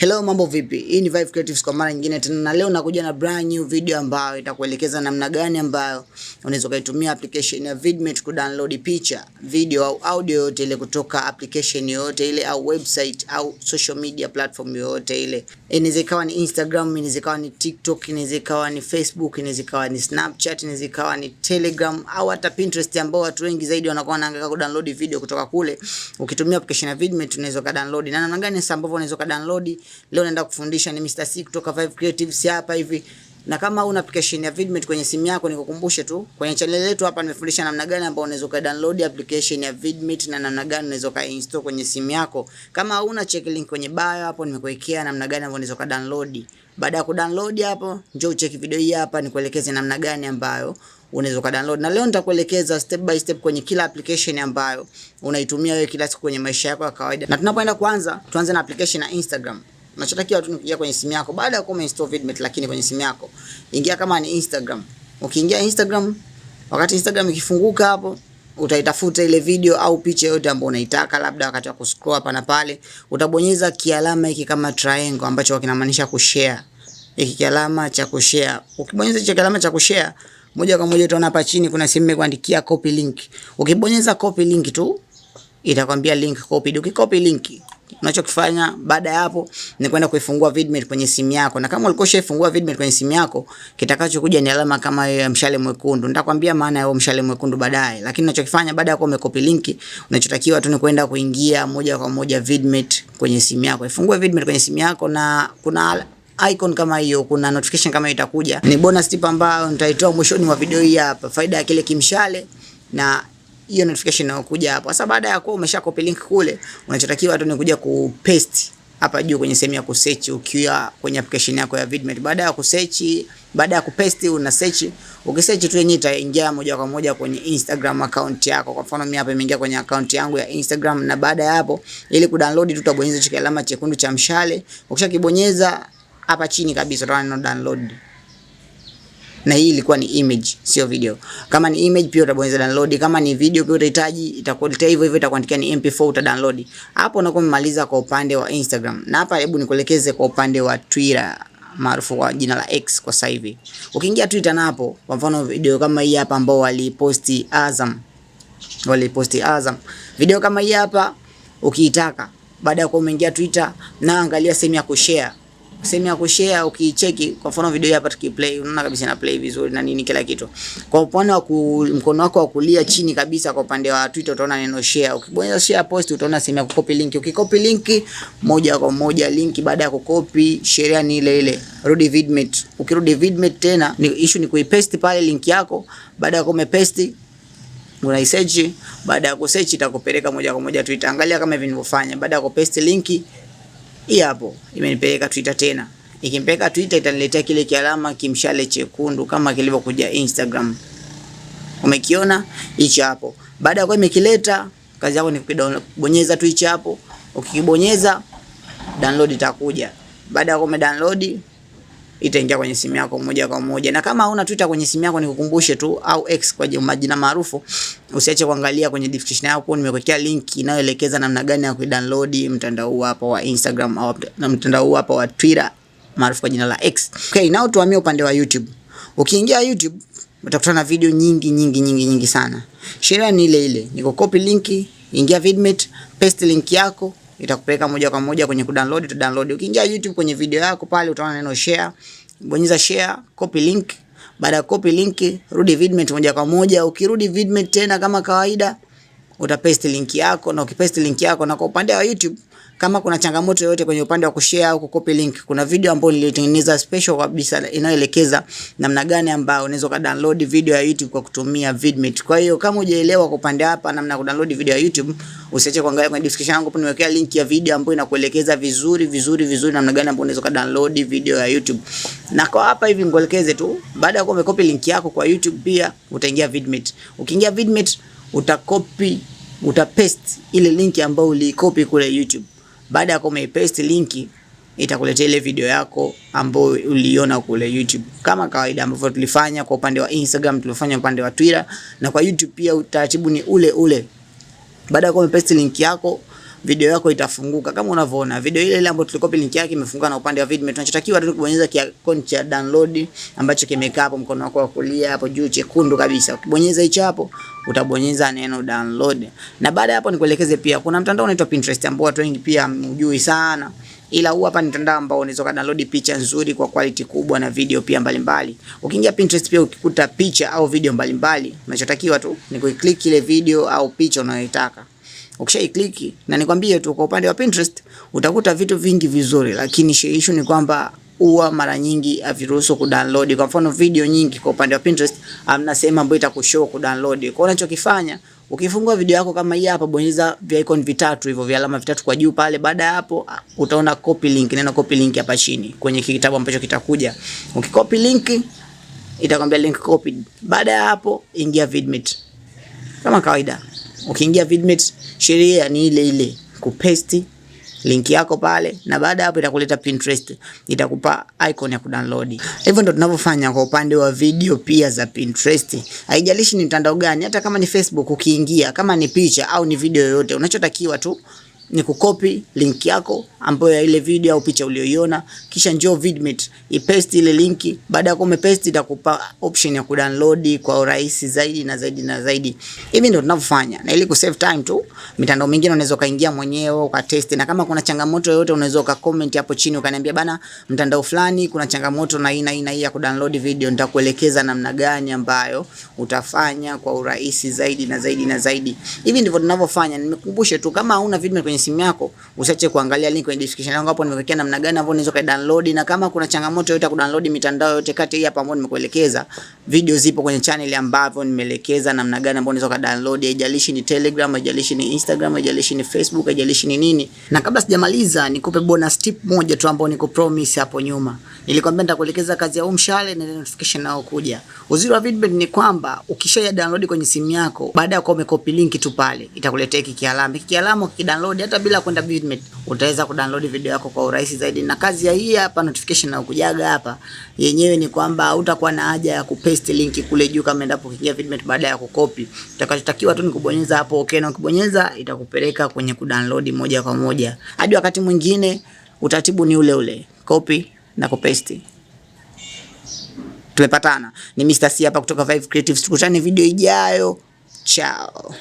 Hello, mambo vipi? Hii ni Vibe Creatives kwa mara nyingine tena, na leo nakuja na brand new video ambayo itakuelekeza namna gani ambayo unaweza kutumia application ya Vidmate ku download picha, video au audio yote ile kutoka application yoyote ile au website au social media platform yoyote ile. Inaweza ikawa ni Instagram, inaweza ikawa ni TikTok, inaweza ikawa ni Facebook, inaweza ikawa ni Snapchat, inaweza ikawa ni Telegram au hata Pinterest, ambao watu wengi zaidi wanakuwa wanahangaika ku download video kutoka kule. Ukitumia application ya Vidmate unaweza download Na namna gani sasa ambavyo unaweza download leo naenda kufundisha ni Mr. C kutoka Five Creatives hapa hivi. Na kama una application ya Vidmate kwenye simu yako, nikukumbushe tu kwenye channel yetu hapa nimefundisha namna gani ambayo unaweza ka download application ya Vidmate na namna gani unaweza ka install kwenye simu yako. Kama huna check link kwenye bio hapo, nimekuwekea namna gani ambayo unaweza ka download. Baada ya kudownload hapo, njoo check video hii hapa nikuelekeze namna gani ambayo unaweza ka download. Na leo nitakuelekeza step by step kwenye kila application ambayo unaitumia wewe kila siku kwenye maisha yako ya kawaida. Na tunapoenda kwanza, tuanze na application ya Instagram. Unachotakiwa tu ni kuja kwenye simu yako baada ya kuwa umeinstall VidMate, lakini kwenye simu yako ingia kama ni Instagram. Ukiingia Instagram, wakati Instagram ikifunguka hapo utaitafuta ile video au picha yote ambayo unaitaka, labda wakati wa kuscroll hapa na pale utabonyeza kialama hiki kama triangle ambacho kinamaanisha kushare. Hiki kialama cha kushare, ukibonyeza hicho kialama cha kushare moja kwa moja utaona hapa chini kuna sehemu imeandikia copy link. Ukibonyeza copy link tu itakwambia link copied. Ukicopy link unachokifanya baada ya hapo ni kwenda kuifungua vidmate kwenye simu yako, na kama ulikuwa ushaifungua vidmate kwenye simu yako, kitakachokuja ni alama kama hiyo ya mshale mwekundu. Nitakwambia maana ya huo mshale mwekundu baadaye, lakini unachokifanya baada ya kuwa umekopi link, unachotakiwa tu ni kwenda kuingia moja kwa moja vidmate kwenye simu yako. Ifungue vidmate kwenye simu yako, na kuna icon kama hiyo, kuna notification kama hiyo itakuja. Ni bonus tip ambayo nitaitoa mwishoni mwa video hii hapa, faida ya kile kimshale na hiyo notification inayokuja hapo. Sasa baada ya kuwa copy link kule, unachotakiwa tu ni kuja paste hapa juu kwenye sehemu ya kusearch ukiwa kwenye application yako ya Vidmate. Baada ya kusearch, baada ya kupaste una search, ukisearch tu yenyewe itaingia moja kwa moja kwenye Instagram account yako. Kwa mfano mimi hapa imeingia kwenye account yangu ya Instagram, na baada ya hapo, ili kudownload tu utabonyeza alama chekundu cha mshale. Ukishakibonyeza hapa chini kabisa utaona neno download na hii ilikuwa ni image, sio video. Kama ni image pia utabonyeza download, kama ni video pia utahitaji, itakuletea hivyo hivyo, itakuandikia ni MP4, uta download hapo. Unakuwa umemaliza kwa upande wa Instagram, na hapa hebu nikuelekeze kwa upande wa Twitter maarufu kwa jina la X kwa sasa hivi. Ukiingia Twitter napo, kwa mfano video kama hii hapa ambao waliposti Azam, waliposti Azam video kama hii hapa, ukiitaka baada ya kuwa umeingia Twitter, na angalia sehemu ya kushare sehemu ya kushare ukicheki, kwa mfano video hapa tukiplay, unaona kabisa ina play vizuri na nini kila kitu. Kwa upande wa mkono wako wa kulia chini kabisa, kwa upande wa Twitter utaona neno share. Ukibonyeza share post, utaona sehemu ya kukopi link. Ukikopi link moja kwa moja link, baada ya kukopi, share ni ile ile, rudi vidmate. Ukirudi vidmate tena, ni issue ni kuipaste pale link yako. Baada ya kumepaste unaisearch. Baada ya kusearch, itakupeleka moja kwa moja Twitter. Angalia kama hivi nilivyofanya, baada ya kupaste linki hii hapo imenipeleka Twitter tena. Ikimpeleka Twitter itaniletea kile kialama kimshale chekundu kama kilivyokuja Instagram. Umekiona hicho hapo. Baada ya kuwa imekileta, kazi yako ni kubonyeza tu hicho hapo. Ukikibonyeza download itakuja. Baada ya kuwa umedownload itaingia kwenye simu yako moja kwa moja. Na kama hauna Twitter kwenye simu yako, nikukumbushe tu au X kwa majina maarufu, usiache kuangalia kwenye description hapo, nimekuwekea link inayoelekeza namna gani ya kudownload mtandao huu hapa wa Instagram au na mtandao huu hapa wa Twitter maarufu kwa jina la X. Okay, nao tuhamie upande wa YouTube. Ukiingia YouTube utakutana na video nyingi nyingi nyingi nyingi sana. Sheria ni ile ile, niko copy linki, ingia vidmate, paste link yako itakupeleka moja kwa moja kwenye kudownload, tu download. Ukiingia YouTube kwenye video yako pale utaona neno share, bonyeza share, copy link. Baada ya copy link, rudi vidmet moja kwa moja. Ukirudi vidmet tena kama kawaida, utapaste link yako, na ukipaste link yako na kwa upande wa YouTube kama kuna changamoto yoyote kwenye upande wa kushare au kukopi link, kuna video ambayo nilitengeneza special kabisa inayoelekeza namna gani ambayo unaweza kudownload video ya YouTube kwa kutumia Vidmeet. Kwa hiyo kama hujaelewa kwa upande hapa namna ya kudownload video ya YouTube, usiache kuangalia kwenye description yangu, hapo nimewekea link ya video ambayo inakuelekeza vizuri vizuri vizuri namna gani ambayo unaweza kudownload video ya YouTube. Na kwa hapa hivi nikuelekeze tu, baada ya kuwa umekopi link yako kwa YouTube, pia utaingia Vidmeet. Ukiingia Vidmeet utakopi, utapaste ile link ambayo uliikopi kule YouTube. Baada ya kumeipaste linki itakuletea ile video yako ambayo uliona kule YouTube kama kawaida ambavyo tulifanya kwa upande wa Instagram, tulifanya upande wa Twitter na kwa YouTube pia utaratibu ni ule ule. Baada ya kupaste link yako video yako itafunguka kama unavyoona video ile ile ambayo tulikopi link yake imefunguka na upande wa video. Tunachotakiwa tu kubonyeza kiakoni cha download ambacho kimekaa hapo mkono wako wa kulia hapo juu chekundu kabisa. Ukibonyeza hicho hapo utabonyeza neno download. Na baada ya hapo nikuelekeze pia kuna mtandao unaitwa Pinterest ambao watu wengi pia mjui sana ila huu hapa ni mtandao ambao unaweza kudownload picha nzuri kwa quality kubwa na video pia mbalimbali. Ukiingia Pinterest pia ukikuta picha au video mbalimbali, unachotakiwa tu ni kuiklik ile video au picha unayoitaka ukishaikliki, na nikwambie tu kwa upande wa Pinterest utakuta vitu vingi vizuri, lakini issue ni kwamba huwa mara nyingi haviruhusu kudownload. Kwa mfano video nyingi kwa upande wa Pinterest amna sehemu ambayo itakushow kudownload. Kwa hiyo unachokifanya ukifungua video yako kama hii hapa, bonyeza vya icon vitatu hivyo vya alama vitatu kwa juu pale. Baada ya hapo, utaona copy link, neno copy link hapa chini kwenye kitabu ambacho kitakuja. Ukikopi link itakwambia link copied. Baada ya hapo, ingia vidmit kama kawaida. Ukiingia vidmit sheria ni ile ile, kupaste link yako pale, na baada hapo itakuleta Pinterest, itakupa icon ya kudownload. Hivyo ndo tunavyofanya kwa upande wa video pia za Pinterest. Haijalishi ni mtandao gani, hata kama ni Facebook, ukiingia kama ni picha au ni video yoyote, unachotakiwa tu ni kukopi link yako ambayo ya ile video au picha uliyoiona, kisha njoo Vidmate ipaste ile linki. Baada ya kuwa umepaste, itakupa option ya kudownload kwa urahisi zaidi na zaidi na zaidi. Hivi ndio tunavyofanya, na ili ku save time tu. Mitandao mingine unaweza kaingia mwenyewe ukatest, na kama kuna changamoto yoyote unaweza ka comment hapo chini ukaniambia, bana, mtandao fulani kuna changamoto na ina ina hii ya kudownload video, nitakuelekeza namna gani ambayo utafanya kwa urahisi zaidi na zaidi na zaidi. Hivi ndivyo tunavyofanya. Nimekumbushe tu kama hauna Vidmate kwenye simu yako, usiache kuangalia link description yangu hapo nimewekea namna gani ambavyo unaweza kudownload, na kama kuna changamoto yoyote ya kudownload mitandao yote kati hii hapa ambapo nimekuelekeza, video zipo kwenye channel ambapo nimeelekeza namna gani ambavyo unaweza kudownload, haijalishi ni Telegram, haijalishi ni Instagram, haijalishi ni Facebook, haijalishi ni nini. Na kabla sijamaliza, nikupe bonus tip moja tu ambayo niko promise hapo nyuma. Nilikwambia nitakuelekeza kazi ya umshale na notification nao kuja. Uzuri wa Vidbet ni kwamba ukisha ya download kwenye simu yako, baada ya kuwa umekopi link tu pale, itakuletea hiki Hiki Kikialama ukidownload hata bila kwenda Vidbet utaweza ku kudownload video yako kwa urahisi zaidi, na kazi ya hii hapa notification na ukujaga hapa yenyewe ni kwamba utakuwa na haja ya kupaste link kule juu kama endapo ukiingia Vidmate baada ya kukopi. Utakachotakiwa tu ni kubonyeza hapo okay, na ukibonyeza itakupeleka kwenye kudownload moja kwa moja. Hadi wakati mwingine, utaratibu ni ule ule, copy na kupaste. Tumepatana. Ni Mr. C hapa kutoka Vibe Creatives. Tukutane video ijayo. Ciao.